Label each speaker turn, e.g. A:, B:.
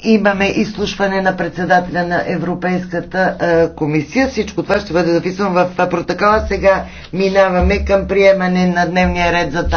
A: имаме изслушване на председателя на Европейската е, комисия. Всичко това ще бъде записано в протокола. Сега минаваме към приемане
B: на дневния ред за тази